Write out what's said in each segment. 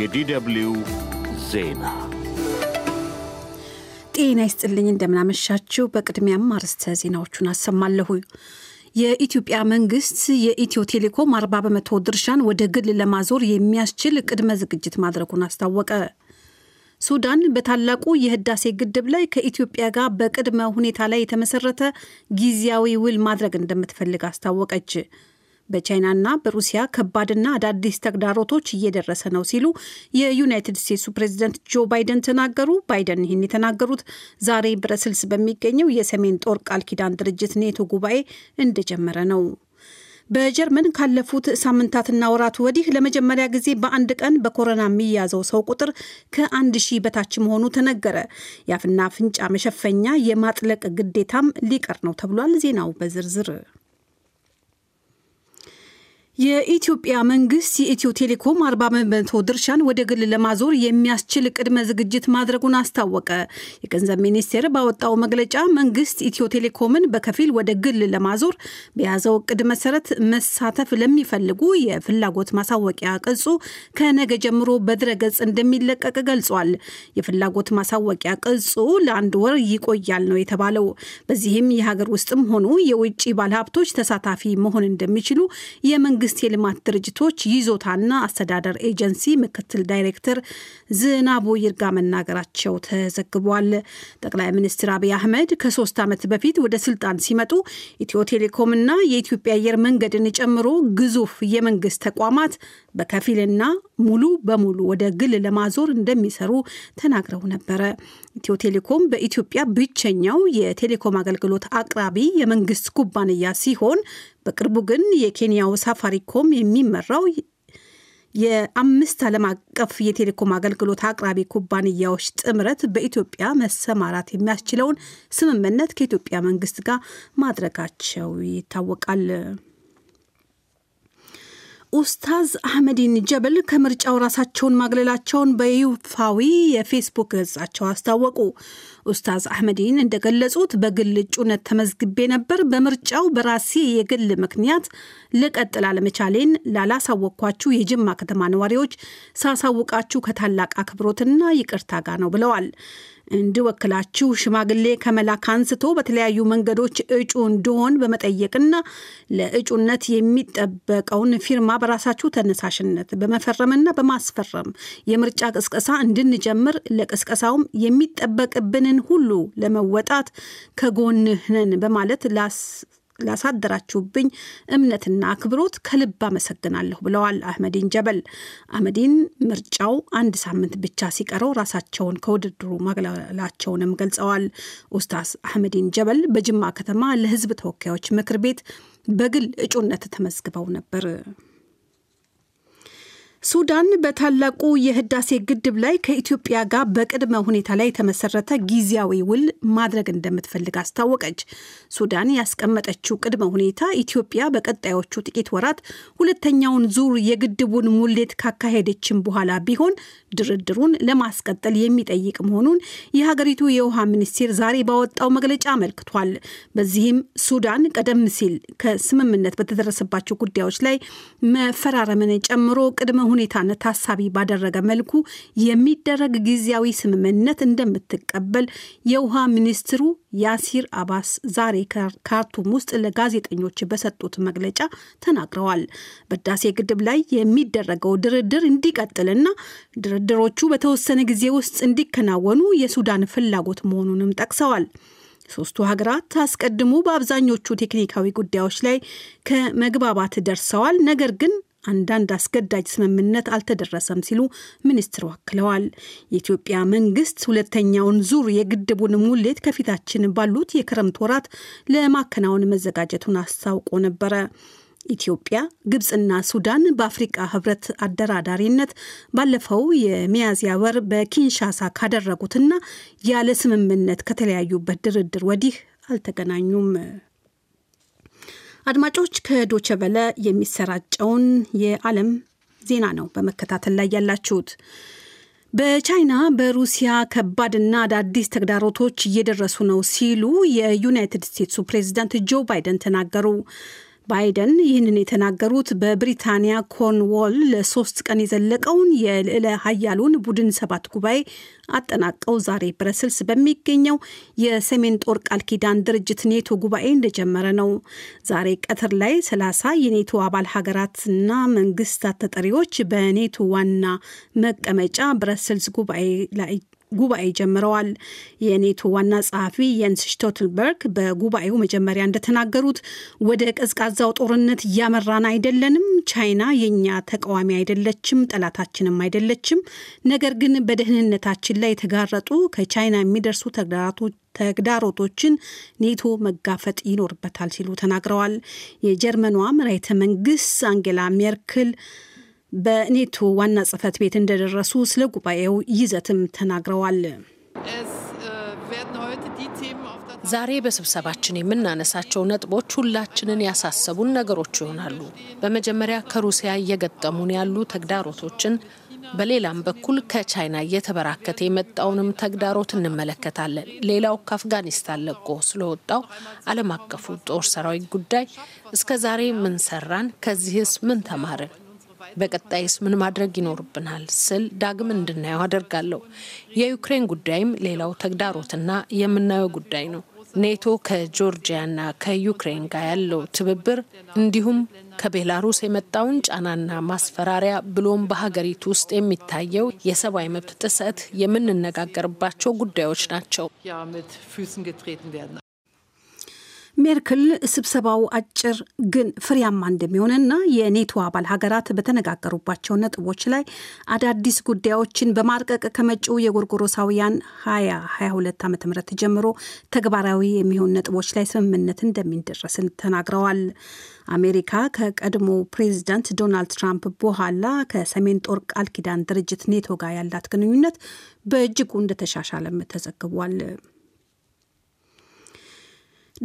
የዲደብልዩ ዜና ጤና ይስጥልኝ። እንደምናመሻችው በቅድሚያም አርዕስተ ዜናዎቹን አሰማለሁ። የኢትዮጵያ መንግስት የኢትዮ ቴሌኮም 40 በመቶ ድርሻን ወደ ግል ለማዞር የሚያስችል ቅድመ ዝግጅት ማድረጉን አስታወቀ። ሱዳን በታላቁ የህዳሴ ግድብ ላይ ከኢትዮጵያ ጋር በቅድመ ሁኔታ ላይ የተመሰረተ ጊዜያዊ ውል ማድረግ እንደምትፈልግ አስታወቀች። በቻይናና በሩሲያ ከባድና አዳዲስ ተግዳሮቶች እየደረሰ ነው ሲሉ የዩናይትድ ስቴትሱ ፕሬዚደንት ጆ ባይደን ተናገሩ። ባይደን ይህን የተናገሩት ዛሬ ብረስልስ በሚገኘው የሰሜን ጦር ቃል ኪዳን ድርጅት ኔቶ ጉባኤ እንደጀመረ ነው። በጀርመን ካለፉት ሳምንታትና ወራት ወዲህ ለመጀመሪያ ጊዜ በአንድ ቀን በኮሮና የሚያዘው ሰው ቁጥር ከአንድ ሺህ በታች መሆኑ ተነገረ። የአፍና አፍንጫ መሸፈኛ የማጥለቅ ግዴታም ሊቀር ነው ተብሏል። ዜናው በዝርዝር የኢትዮጵያ መንግስት የኢትዮ ቴሌኮም አርባ በመቶ ድርሻን ወደ ግል ለማዞር የሚያስችል ቅድመ ዝግጅት ማድረጉን አስታወቀ። የገንዘብ ሚኒስቴር ባወጣው መግለጫ መንግስት ኢትዮ ቴሌኮምን በከፊል ወደ ግል ለማዞር በያዘው እቅድ መሰረት መሳተፍ ለሚፈልጉ የፍላጎት ማሳወቂያ ቅጹ ከነገ ጀምሮ በድረገጽ እንደሚለቀቅ ገልጿል። የፍላጎት ማሳወቂያ ቅጹ ለአንድ ወር ይቆያል ነው የተባለው። በዚህም የሀገር ውስጥም ሆኑ የውጭ ባለሀብቶች ተሳታፊ መሆን እንደሚችሉ የመንግስት የመንግስት የልማት ድርጅቶች ይዞታና አስተዳደር ኤጀንሲ ምክትል ዳይሬክተር ዝናቡ ይርጋ መናገራቸው ተዘግቧል። ጠቅላይ ሚኒስትር አብይ አህመድ ከሶስት ዓመት በፊት ወደ ስልጣን ሲመጡ ኢትዮ ቴሌኮምና የኢትዮጵያ አየር መንገድን ጨምሮ ግዙፍ የመንግስት ተቋማት በከፊልና ሙሉ በሙሉ ወደ ግል ለማዞር እንደሚሰሩ ተናግረው ነበረ። ኢትዮ ቴሌኮም በኢትዮጵያ ብቸኛው የቴሌኮም አገልግሎት አቅራቢ የመንግስት ኩባንያ ሲሆን በቅርቡ ግን የኬንያው ሳፋሪኮም የሚመራው የአምስት ዓለም አቀፍ የቴሌኮም አገልግሎት አቅራቢ ኩባንያዎች ጥምረት በኢትዮጵያ መሰማራት የሚያስችለውን ስምምነት ከኢትዮጵያ መንግስት ጋር ማድረጋቸው ይታወቃል። ኡስታዝ አህመዲን ጀበል ከምርጫው ራሳቸውን ማግለላቸውን በይፋዊ የፌስቡክ ገጻቸው አስታወቁ። ኡስታዝ አህመዲን እንደገለጹት በግል እጩነት ተመዝግቤ ነበር። በምርጫው በራሴ የግል ምክንያት ልቀጥል አለመቻሌን ላላሳወቅኳችሁ የጅማ ከተማ ነዋሪዎች ሳሳውቃችሁ ከታላቅ አክብሮትና ይቅርታ ጋር ነው ብለዋል። እንድወክላችሁ ሽማግሌ ከመላክ አንስቶ በተለያዩ መንገዶች እጩ እንድሆን በመጠየቅና ለእጩነት የሚጠበቀውን ፊርማ በራሳችሁ ተነሳሽነት በመፈረምና በማስፈረም የምርጫ ቅስቀሳ እንድንጀምር ለቅስቀሳውም የሚጠበቅብንን ሁሉ ለመወጣት ከጎንህ ነን በማለት ላስ ላሳደራችሁብኝ እምነትና አክብሮት ከልብ አመሰግናለሁ ብለዋል አህመዲን ጀበል። አህመዲን ምርጫው አንድ ሳምንት ብቻ ሲቀረው ራሳቸውን ከውድድሩ ማግለላቸውንም ገልጸዋል። ኡስታዝ አህመዲን ጀበል በጅማ ከተማ ለህዝብ ተወካዮች ምክር ቤት በግል እጩነት ተመዝግበው ነበር። ሱዳን በታላቁ የህዳሴ ግድብ ላይ ከኢትዮጵያ ጋር በቅድመ ሁኔታ ላይ የተመሰረተ ጊዜያዊ ውል ማድረግ እንደምትፈልግ አስታወቀች። ሱዳን ያስቀመጠችው ቅድመ ሁኔታ ኢትዮጵያ በቀጣዮቹ ጥቂት ወራት ሁለተኛውን ዙር የግድቡን ሙሌት ካካሄደችን በኋላ ቢሆን ድርድሩን ለማስቀጠል የሚጠይቅ መሆኑን የሀገሪቱ የውሃ ሚኒስቴር ዛሬ ባወጣው መግለጫ አመልክቷል። በዚህም ሱዳን ቀደም ሲል ከስምምነት በተደረሰባቸው ጉዳዮች ላይ መፈራረምን ጨምሮ ቅድመ ሁኔታን ታሳቢ ባደረገ መልኩ የሚደረግ ጊዜያዊ ስምምነት እንደምትቀበል የውሃ ሚኒስትሩ ያሲር አባስ ዛሬ ካርቱም ውስጥ ለጋዜጠኞች በሰጡት መግለጫ ተናግረዋል። በዳሴ ግድብ ላይ የሚደረገው ድርድር እንዲቀጥልና ድርድሮቹ በተወሰነ ጊዜ ውስጥ እንዲከናወኑ የሱዳን ፍላጎት መሆኑንም ጠቅሰዋል። ሶስቱ ሀገራት አስቀድሞ በአብዛኞቹ ቴክኒካዊ ጉዳዮች ላይ ከመግባባት ደርሰዋል። ነገር ግን አንዳንድ አስገዳጅ ስምምነት አልተደረሰም ሲሉ ሚኒስትሩ አክለዋል። የኢትዮጵያ መንግስት ሁለተኛውን ዙር የግድቡን ሙሌት ከፊታችን ባሉት የክረምት ወራት ለማከናወን መዘጋጀቱን አስታውቆ ነበረ። ኢትዮጵያ፣ ግብፅና ሱዳን በአፍሪቃ ህብረት አደራዳሪነት ባለፈው የሚያዝያ ወር በኪንሻሳ ካደረጉትና ያለ ስምምነት ከተለያዩበት ድርድር ወዲህ አልተገናኙም። አድማጮች ከዶቸበለ የሚሰራጨውን የዓለም ዜና ነው በመከታተል ላይ ያላችሁት። በቻይና በሩሲያ ከባድና አዳዲስ ተግዳሮቶች እየደረሱ ነው ሲሉ የዩናይትድ ስቴትሱ ፕሬዚዳንት ጆ ባይደን ተናገሩ። ባይደን ይህንን የተናገሩት በብሪታንያ ኮርንዎል ለሶስት ቀን የዘለቀውን የልዕለ ሀያሉን ቡድን ሰባት ጉባኤ አጠናቀው ዛሬ ብረስልስ በሚገኘው የሰሜን ጦር ቃል ኪዳን ድርጅት ኔቶ ጉባኤ እንደጀመረ ነው። ዛሬ ቀትር ላይ 30 የኔቶ አባል ሀገራትና መንግስታት ተጠሪዎች በኔቶ ዋና መቀመጫ ብረስልስ ጉባኤ ላይ ጉባኤ ጀምረዋል። የኔቶ ዋና ጸሐፊ የንስ ሽቶትልበርግ በጉባኤው መጀመሪያ እንደተናገሩት ወደ ቀዝቃዛው ጦርነት እያመራን አይደለንም። ቻይና የእኛ ተቃዋሚ አይደለችም፣ ጠላታችንም አይደለችም። ነገር ግን በደህንነታችን ላይ የተጋረጡ ከቻይና የሚደርሱ ተግዳራቶች ተግዳሮቶችን ኔቶ መጋፈጥ ይኖርበታል ሲሉ ተናግረዋል። የጀርመኗ መራሄተ መንግስት አንጌላ ሜርክል በኔቶ ዋና ጽህፈት ቤት እንደደረሱ ስለ ጉባኤው ይዘትም ተናግረዋል። ዛሬ በስብሰባችን የምናነሳቸው ነጥቦች ሁላችንን ያሳሰቡን ነገሮች ይሆናሉ። በመጀመሪያ ከሩሲያ እየገጠሙን ያሉ ተግዳሮቶችን፣ በሌላም በኩል ከቻይና እየተበራከተ የመጣውንም ተግዳሮት እንመለከታለን። ሌላው ከአፍጋኒስታን ለቆ ስለወጣው ዓለም አቀፉ ጦር ሰራዊት ጉዳይ እስከ ዛሬ ምን ሰራን? ከዚህስ ምን ተማርን? በቀጣይስ ምን ማድረግ ይኖርብናል ስል ዳግም እንድናየው አደርጋለሁ። የዩክሬን ጉዳይም ሌላው ተግዳሮትና የምናየው ጉዳይ ነው። ኔቶ ከጆርጂያና ከዩክሬን ጋር ያለው ትብብር እንዲሁም ከቤላሩስ የመጣውን ጫናና ማስፈራሪያ ብሎም በሀገሪቱ ውስጥ የሚታየው የሰብአዊ መብት ጥሰት የምንነጋገርባቸው ጉዳዮች ናቸው። ሜርክል ስብሰባው አጭር ግን ፍሬያማ እንደሚሆንና የኔቶ አባል ሀገራት በተነጋገሩባቸው ነጥቦች ላይ አዳዲስ ጉዳዮችን በማርቀቅ ከመጪው የጎርጎሮሳውያን 2022 ዓ ም ጀምሮ ተግባራዊ የሚሆን ነጥቦች ላይ ስምምነት እንደሚደረስን ተናግረዋል። አሜሪካ ከቀድሞ ፕሬዚዳንት ዶናልድ ትራምፕ በኋላ ከሰሜን ጦር ቃል ኪዳን ድርጅት ኔቶ ጋር ያላት ግንኙነት በእጅጉ እንደተሻሻለም ተዘግቧል።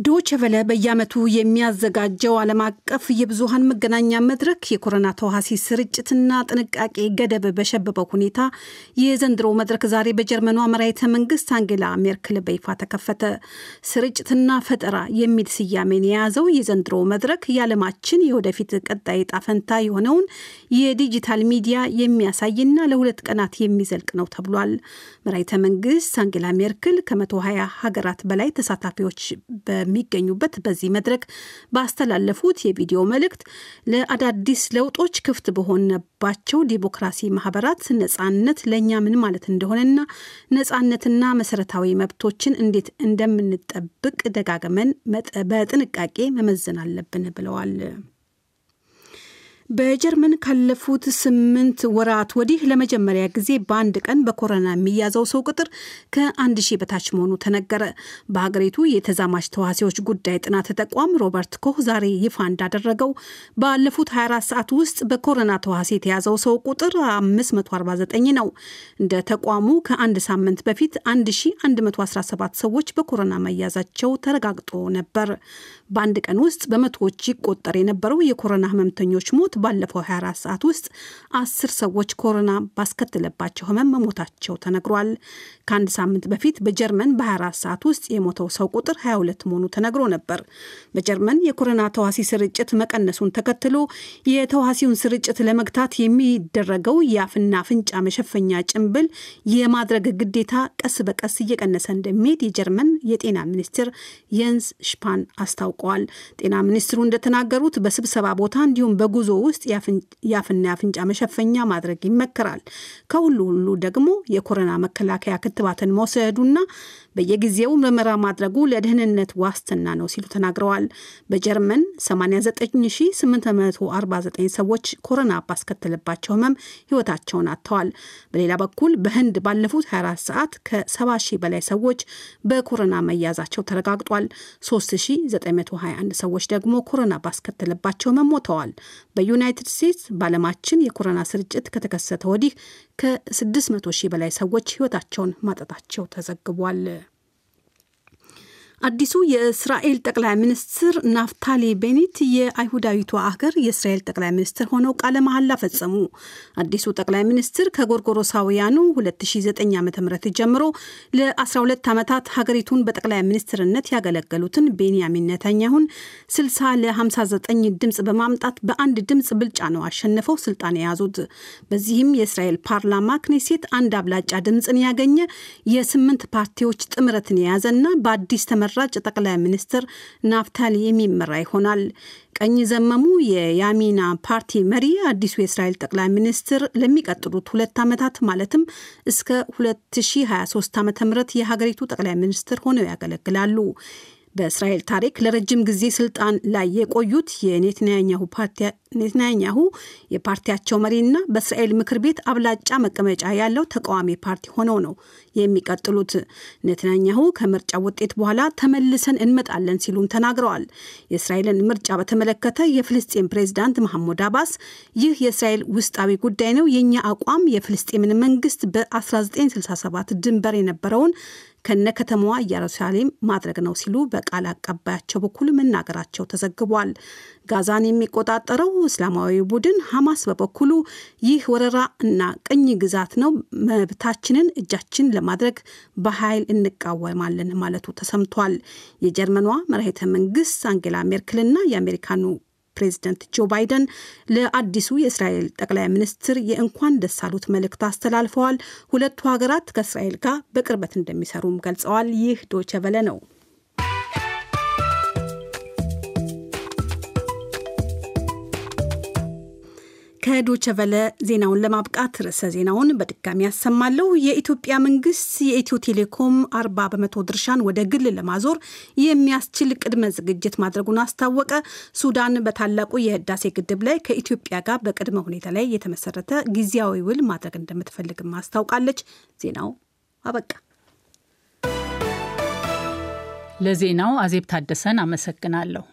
ዶችቨለ በየዓመቱ የሚያዘጋጀው ዓለም አቀፍ የብዙሃን መገናኛ መድረክ የኮሮና ተዋሲ ስርጭትና ጥንቃቄ ገደብ በሸበበው ሁኔታ የዘንድሮ መድረክ ዛሬ በጀርመኗ መራሄተ መንግስት አንጌላ ሜርክል በይፋ ተከፈተ። ስርጭትና ፈጠራ የሚል ስያሜን የያዘው የዘንድሮ መድረክ የዓለማችን የወደፊት ቀጣይ ጣፈንታ የሆነውን የዲጂታል ሚዲያ የሚያሳይና ለሁለት ቀናት የሚዘልቅ ነው ተብሏል። መራሄተ መንግስት አንጌላ ሜርክል ከ120 ሀገራት በላይ ተሳታፊዎች በ በሚገኙበት በዚህ መድረክ ባስተላለፉት የቪዲዮ መልእክት ለአዳዲስ ለውጦች ክፍት በሆነባቸው ዲሞክራሲ ማህበራት ነጻነት ለእኛ ምን ማለት እንደሆነና ነጻነትና መሰረታዊ መብቶችን እንዴት እንደምንጠብቅ ደጋግመን በጥንቃቄ መመዘን አለብን ብለዋል። በጀርመን ካለፉት ስምንት ወራት ወዲህ ለመጀመሪያ ጊዜ በአንድ ቀን በኮሮና የሚያዘው ሰው ቁጥር ከአንድ ሺህ በታች መሆኑ ተነገረ። በሀገሪቱ የተዛማች ተዋሲዎች ጉዳይ ጥናት ተቋም ሮበርት ኮህ ዛሬ ይፋ እንዳደረገው ባለፉት 24 ሰዓት ውስጥ በኮሮና ተዋሴ የተያዘው ሰው ቁጥር 549 ነው። እንደ ተቋሙ ከአንድ ሳምንት በፊት 1117 ሰዎች በኮሮና መያዛቸው ተረጋግጦ ነበር። በአንድ ቀን ውስጥ በመቶዎች ይቆጠር የነበረው የኮሮና ህመምተኞች ሞት እንዳሉት ባለፈው 24 ሰዓት ውስጥ አስር ሰዎች ኮሮና ባስከተለባቸው ህመም መሞታቸው ተነግሯል። ከአንድ ሳምንት በፊት በጀርመን በ24 ሰዓት ውስጥ የሞተው ሰው ቁጥር 22 መሆኑ ተነግሮ ነበር። በጀርመን የኮሮና ተዋሲ ስርጭት መቀነሱን ተከትሎ የተዋሲውን ስርጭት ለመግታት የሚደረገው የአፍና አፍንጫ መሸፈኛ ጭንብል የማድረግ ግዴታ ቀስ በቀስ እየቀነሰ እንደሚሄድ የጀርመን የጤና ሚኒስትር የንስ ሽፓን አስታውቀዋል። ጤና ሚኒስትሩ እንደተናገሩት በስብሰባ ቦታ እንዲሁም በጉዞ ውስጥ የአፍና የአፍንጫ መሸፈኛ ማድረግ ይመከራል። ከሁሉ ሁሉ ደግሞ የኮሮና መከላከያ ክትባትን መውሰዱና በየጊዜው ምርመራ ማድረጉ ለደህንነት ዋስትና ነው ሲሉ ተናግረዋል። በጀርመን 89849 ሰዎች ኮሮና ባስከተለባቸው ህመም ህይወታቸውን አጥተዋል። በሌላ በኩል በህንድ ባለፉት 24 ሰዓት ከ 7 ሺህ በላይ ሰዎች በኮሮና መያዛቸው ተረጋግጧል። 3921 ሰዎች ደግሞ ኮሮና ባስከተለባቸው ህመም ሞተዋል። ዩናይትድ ስቴትስ በዓለማችን የኮሮና ስርጭት ከተከሰተ ወዲህ ከ600 ሺህ በላይ ሰዎች ህይወታቸውን ማጠጣቸው ተዘግቧል። አዲሱ የእስራኤል ጠቅላይ ሚኒስትር ናፍታሊ ቤኒት የአይሁዳዊቷ አገር የእስራኤል ጠቅላይ ሚኒስትር ሆነው ቃለ መሐላ ፈጸሙ። አዲሱ ጠቅላይ ሚኒስትር ከጎርጎሮሳውያኑ 209 ዓ ም ጀምሮ ለ12 ዓመታት ሀገሪቱን በጠቅላይ ሚኒስትርነት ያገለገሉትን ቤንያሚን ነተኛሁን 60 ለ59 ድምፅ በማምጣት በአንድ ድምፅ ብልጫ ነው አሸንፈው ስልጣን የያዙት። በዚህም የእስራኤል ፓርላማ ክኔሴት አንድ አብላጫ ድምፅን ያገኘ የስምንት ፓርቲዎች ጥምረትን የያዘና በአዲስ ተመ ተመራጭ ጠቅላይ ሚኒስትር ናፍታሊ የሚመራ ይሆናል። ቀኝ ዘመሙ የያሚና ፓርቲ መሪ አዲሱ የእስራኤል ጠቅላይ ሚኒስትር ለሚቀጥሉት ሁለት ዓመታት ማለትም እስከ 2023 ዓ ም የሀገሪቱ ጠቅላይ ሚኒስትር ሆነው ያገለግላሉ። በእስራኤል ታሪክ ለረጅም ጊዜ ስልጣን ላይ የቆዩት የኔትንያኛሁ የፓርቲያቸው መሪና በእስራኤል ምክር ቤት አብላጫ መቀመጫ ያለው ተቃዋሚ ፓርቲ ሆነው ነው የሚቀጥሉት። ኔትናኛሁ ከምርጫ ውጤት በኋላ ተመልሰን እንመጣለን ሲሉም ተናግረዋል። የእስራኤልን ምርጫ በተመለከተ የፍልስጤን ፕሬዝዳንት መሐሙድ አባስ ይህ የእስራኤል ውስጣዊ ጉዳይ ነው፣ የእኛ አቋም የፍልስጤምን መንግስት በ1967 ድንበር የነበረውን ከነ ከተማዋ ኢየሩሳሌም ማድረግ ነው ሲሉ በቃል አቀባያቸው በኩል መናገራቸው ተዘግቧል። ጋዛን የሚቆጣጠረው እስላማዊ ቡድን ሐማስ በበኩሉ ይህ ወረራ እና ቅኝ ግዛት ነው፣ መብታችንን እጃችን ለማድረግ በኃይል እንቃወማለን ማለቱ ተሰምቷል። የጀርመኗ መራሄተ መንግስት አንጌላ ሜርክልና የአሜሪካኑ ፕሬዚደንት ጆ ባይደን ለአዲሱ የእስራኤል ጠቅላይ ሚኒስትር የእንኳን ደሳሉት መልእክት አስተላልፈዋል። ሁለቱ ሀገራት ከእስራኤል ጋር በቅርበት እንደሚሰሩም ገልጸዋል። ይህ ዶቸበለ ነው። ከዶቸቨለ ዜናውን ለማብቃት ርዕሰ ዜናውን በድጋሚ ያሰማለሁ። የኢትዮጵያ መንግስት የኢትዮ ቴሌኮም አርባ በመቶ ድርሻን ወደ ግል ለማዞር የሚያስችል ቅድመ ዝግጅት ማድረጉን አስታወቀ። ሱዳን በታላቁ የህዳሴ ግድብ ላይ ከኢትዮጵያ ጋር በቅድመ ሁኔታ ላይ የተመሰረተ ጊዜያዊ ውል ማድረግ እንደምትፈልግም አስታውቃለች። ዜናው አበቃ። ለዜናው አዜብ ታደሰን አመሰግናለሁ።